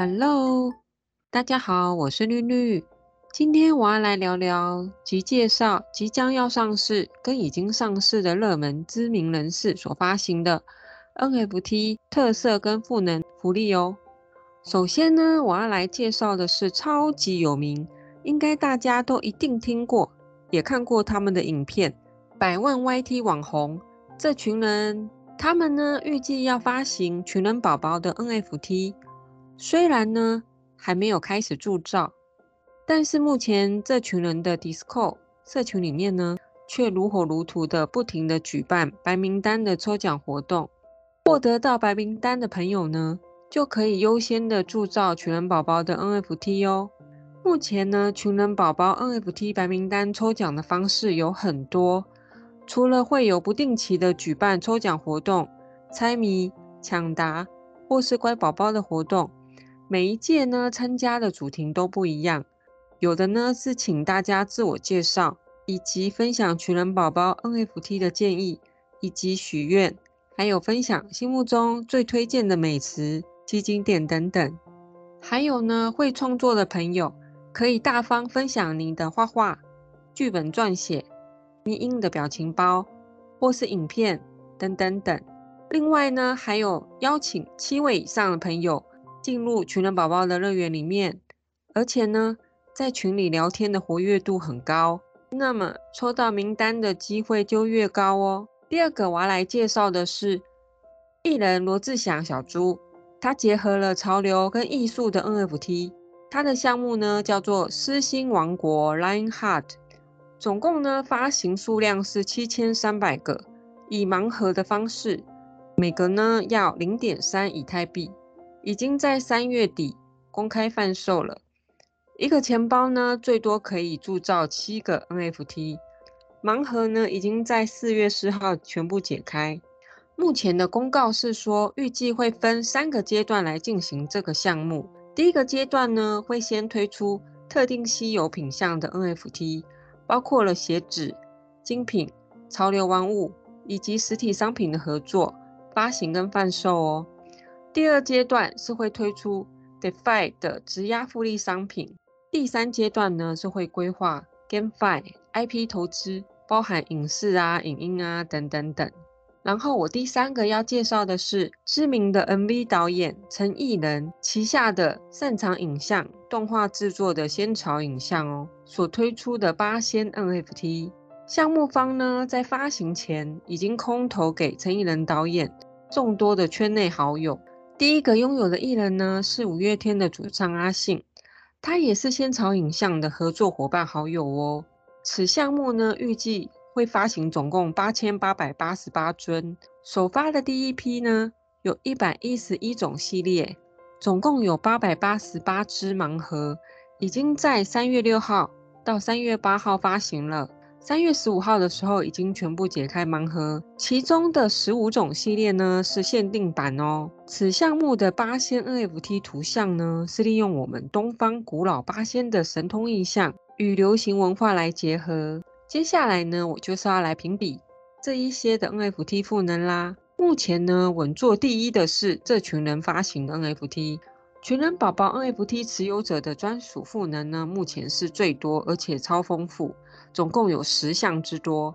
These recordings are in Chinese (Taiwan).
Hello，大家好，我是綠綠。今天我要來聊聊及介紹即將要上市跟已經上市的熱門知名人士所發行的 NFT 特色跟賦能福利哦。首先呢，我要來介紹的是超級有名，應該大家都一定聽過也看過他們的影片，百萬 YT 網紅這群人，他們呢預計要發行“群人寶寶”的 NFT。雖然呢還沒有開始鑄造，但是目前這群人的 Discord 社群裡面呢，卻如火如荼的不停的舉辦白名單的抽獎活動，獲得到白名單的朋友呢，就可以優先的鑄造群人寶寶的 NFT 哦。目前呢群人寶寶 NFT 白名單抽獎的方式有很多，除了會有不定期的舉辦抽獎活動、猜謎、搶答或是乖寶寶的活動。每一屆呢，參加的主題都不一樣，有的呢是請大家自我介紹，以及分享群人寶寶 NFT 的建議，以及許願，還有分享心目中最推薦的美食、景點等等。還有呢，會創作的朋友可以大方分享您的畫畫、劇本撰寫、您印的表情包或是影片等等等。另外呢，還有邀請七位以上的朋友。進入群人寶寶的樂園裡面，而且呢，在群裡聊天的活躍度很高，那麼抽到名單的機會就越高哦。第二個我要來介紹的是藝人羅志祥小豬，他結合了潮流跟藝術的 NFT，他的項目呢叫做獅心王國 （Lion Heart），總共呢發行數量是七千三百個，以盲盒的方式，每個呢要零點三以太幣。已經在三月底公開販售了，一個錢包呢，最多可以鑄造七個 NFT。盲盒呢，已經在四月四號全部解開。目前的公告是說，預計會分三個階段來進行這個項目。第一個階段呢，會先推出特定稀有品相的 NFT，包括了鞋子、精品、潮流玩物以及實體商品的合作發行跟販售哦。第二階段是會推出 Defi 的質押福利商品。第三階段呢是會規劃 GameFi IP 投資，包含影視啊、影音啊等等等。然後我第三個要介紹的是知名的 MV 導演陳奕仁旗下的擅長影像動畫製作的仙草影像哦，所推出的八仙 NFT。項目方呢，在發行前已經空投給陳奕仁導演眾多的圈內好友。第一個擁有的藝人呢，是五月天的主唱阿信，他也是仙草影像的合作夥伴好友哦。此項目呢，預計會發行總共八千八百八十八尊，首發的第一批呢，有一百一十一種系列，總共有八百八十八隻盲盒，已經在三月六號到三月八號發行了。三月十五號的時候已經全部解開盲盒，其中的十五種系列呢是限定版哦。此項目的八仙 NFT 圖像呢是利用我們東方古老八仙的神通意象與流行文化來結合。接下來呢，我就是要來評比這一些的 NFT 賦能啦。目前呢，穩坐第一的是這群人發行 NFT，群人寶寶 NFT 持有者的專屬賦能呢，目前是最多，而且超豐富。總共有十項之多，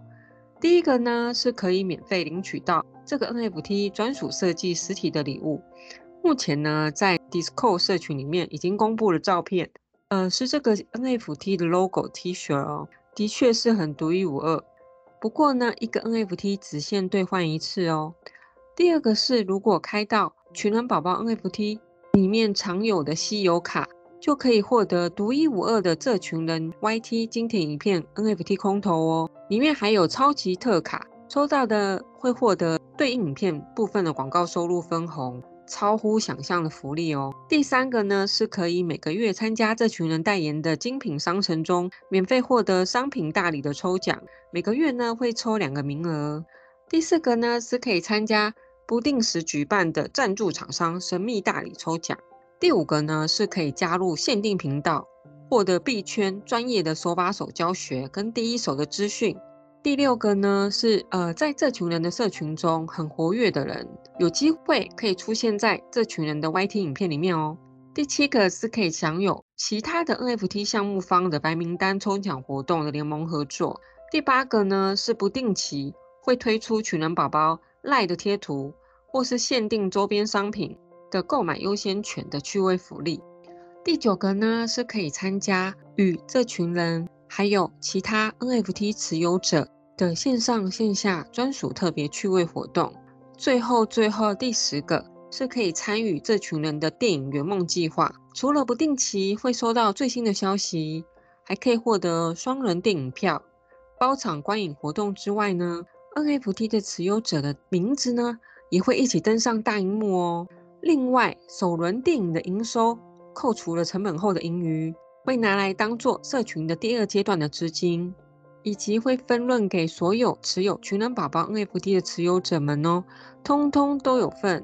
第一個呢是可以免費領取到這個 NFT 專屬設計實體的禮物，目前呢在 Discord 社群裡面已經公布了照片，呃，是這個 NFT 的 logo T 恤哦，的確是很獨一無二。不過呢，一個 NFT 只限兌換一次哦。第二個是如果開到群人寶寶 NFT 裡面常有的稀有卡。就可以獲得獨一無二的這群人 YT 精品影片 NFT 空投哦，裡面還有超級特卡，抽到的會獲得對應影片部分的廣告收入分紅，超乎想象的福利哦。第三個呢，是可以每個月參加這群人代言的精品商城中免費獲得商品大禮的抽獎，每個月呢會抽兩個名額。第四個呢，是可以參加不定時舉辦的贊助廠商神秘大禮抽獎。第五個呢，是可以加入限定頻道，獲得幣圈專業的手把手教學跟第一手的資訊。第六個呢，是呃在這群人的社群中很活躍的人，有機會可以出現在這群人的 YT 影片裡面哦。第七個是可以享有其他的 NFT 項目方的白名單抽獎活動的聯盟合作。第八個呢，是不定期會推出群人寶寶 LINE 的貼圖或是限定周邊商品。的購買優先權的趣味福利。第九個呢，是可以參加與這群人還有其他 NFT 持有者的線上線下專屬特別趣味活動。最後，最後第十個是可以參與這群人的電影圓夢計劃。除了不定期會收到最新的消息，還可以獲得雙人電影票、包場觀影活動之外呢，NFT 的持有者的名字呢，也會一起登上大銀幕哦。另外，首輪電影的營收扣除了成本後的盈餘，會拿來當做社群的第二階段的資金，以及會分潤給所有持有群人寶寶 NFT 的持有者們哦，通通都有份，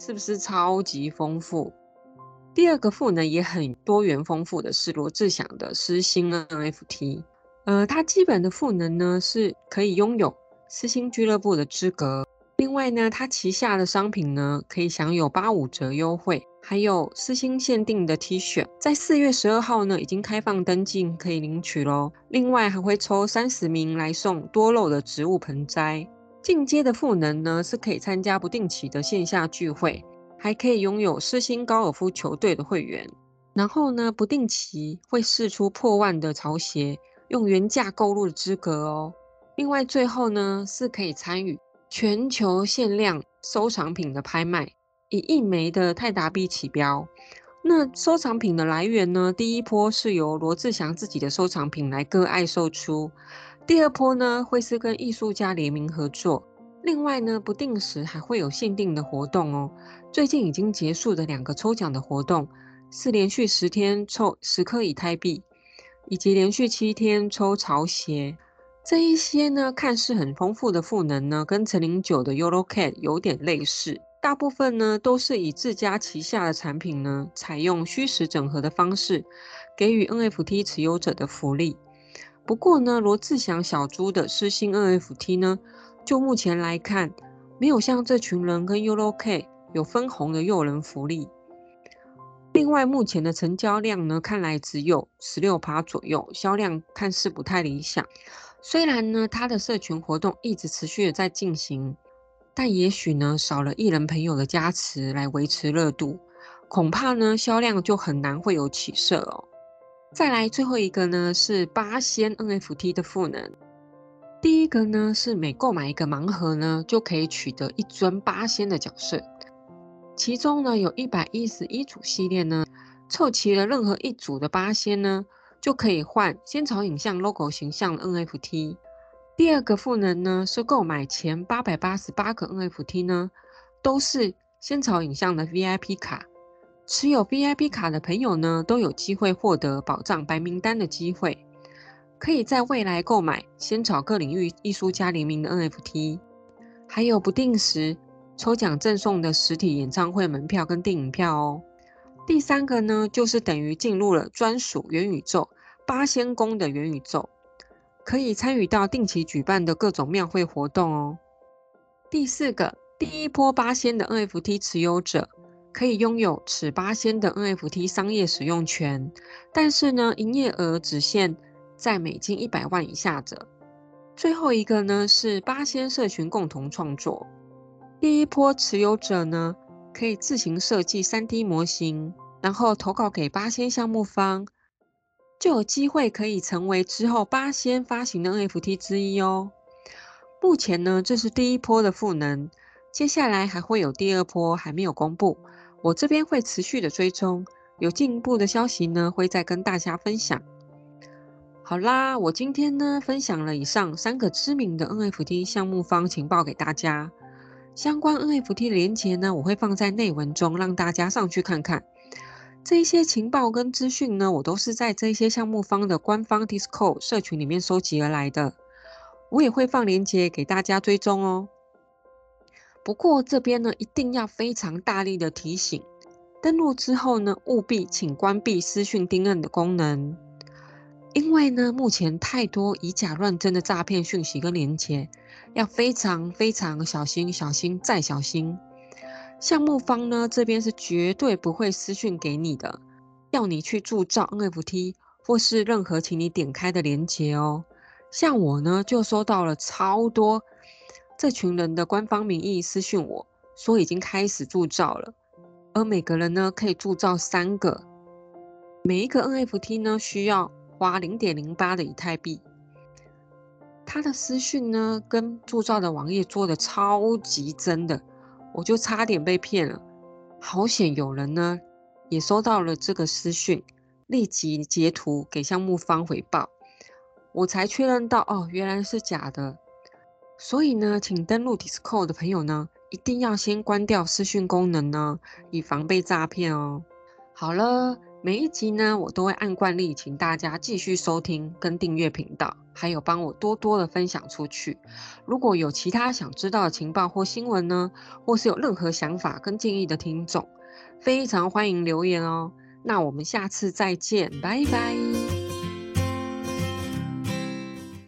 是不是超級豐富？第二個賦能也很多元豐富的，是羅志祥的私心 NFT，呃，它基本的賦能呢，是可以擁有私心俱樂部的資格。另外呢，它旗下的商品呢，可以享有八五折優惠，還有四星限定的 T 恤，在四月十二號呢已經開放登記可以領取咯哦。另外還會抽三十名來送多肉的植物盆栽。進階的賦能呢是可以參加不定期的線下聚會，還可以擁有四星高爾夫球隊的會員。然後呢，不定期會釋出破萬的潮鞋，用原價購入的資格哦。另外最後呢是可以參與。全球限量收藏品的拍賣，以一枚的泰達幣起標。那收藏品的來源呢？第一波是由羅志祥自己的收藏品來割愛售出，第二波呢會是跟藝術家聯名合作。另外呢，不定時還會有限定的活動哦。最近已經結束的兩個抽獎的活動是連續十天抽十顆以太幣，以及連續七天抽潮鞋。這一些呢，看似很豐富的賦能呢，跟陳零九的 YOLO Cat 有點類似，大部分呢都是以自家旗下的產品呢，採用虛實整合的方式，給予 NFT 持有者的福利。不過呢，羅志祥小豬的私信 NFT 呢，就目前來看，沒有像這群人跟 YOLO Cat 有分紅的誘人福利。另外，目前的成交量呢，看來只有十六趴左右，銷量看似不太理想。雖然呢，他的社群活動一直持續的在進行，但也許呢，少了藝人朋友的加持來維持熱度，恐怕呢，銷量就很難會有起色哦。再來最後一個呢，是八仙 NFT 的賦能。第一個呢，是每購買一個盲盒呢，就可以取得一尊八仙的角色，其中呢，有一百一十一組系列呢，湊齊了任何一組的八仙呢。就可以換仙草影像 logo 形象的 NFT。第二個賦能呢，是購買前八百八十八個 NFT 呢，都是仙草影像的 VIP 卡。持有 VIP 卡的朋友呢，都有機會獲得保障白名單的機會，可以在未來購買仙草各領域藝術家聯名的 NFT，還有不定時抽獎贈送的實體演唱會門票跟電影票哦。第三個呢，就是等於進入了專屬元宇宙八仙宮的元宇宙，可以參與到定期舉辦的各種廟會活動哦。第四個，第一波八仙的 NFT 持有者可以擁有此八仙的 NFT 商業使用權，但是呢，營業額只限在美金一百萬以下者。最後一個呢，是八仙社群共同創作。第一波持有者呢。可以自行設計 3D 模型，然後投稿給八仙項目方，就有機會可以成為之後八仙發行的 NFT 之一哦。目前呢，這是第一波的賦能，接下來還會有第二波，還沒有公布。我這邊會持續的追蹤，有進一步的消息呢，會再跟大家分享。好啦，我今天呢，分享了以上三個知名的 NFT 項目方情報給大家。相關 NFT 的鏈接呢，我會放在內文中，讓大家上去看看。這一些情報跟資訊呢，我都是在這一些項目方的官方 Discord 社群裡面收集而來的，我也會放鏈接給大家追蹤哦。不過這邊呢，一定要非常大力的提醒，登錄之後呢，務必請關閉私訊定摁的功能。因為呢，目前太多以假亂真的詐騙訊息跟鏈接，要非常非常小心，小心再小心。項目方呢，這邊是絕對不會私訊給你的，要你去鑄造 NFT 或是任何請你點開的鏈接哦。像我呢就收到了超多這群人的官方名義私訊我，我說已經開始鑄造了，而每個人呢可以鑄造三個，每一個 NFT 呢需要。花零點零八的以太幣，他的私訊呢跟鑄造的網頁做的超級真的，我就差點被騙了，好險有人呢也收到了這個私訊，立即截圖給項目方回報，我才確認到哦，原來是假的，所以呢，請登錄 Discord 的朋友呢，一定要先關掉私訊功能呢，以防被詐騙哦。好了。每一集呢，我都會按慣例，請大家繼續收聽跟訂閱頻道，還有幫我多多的分享出去。如果有其他想知道的情報或新聞呢，或是有任何想法跟建議的聽眾，非常歡迎留言哦。那我們下次再見，拜拜。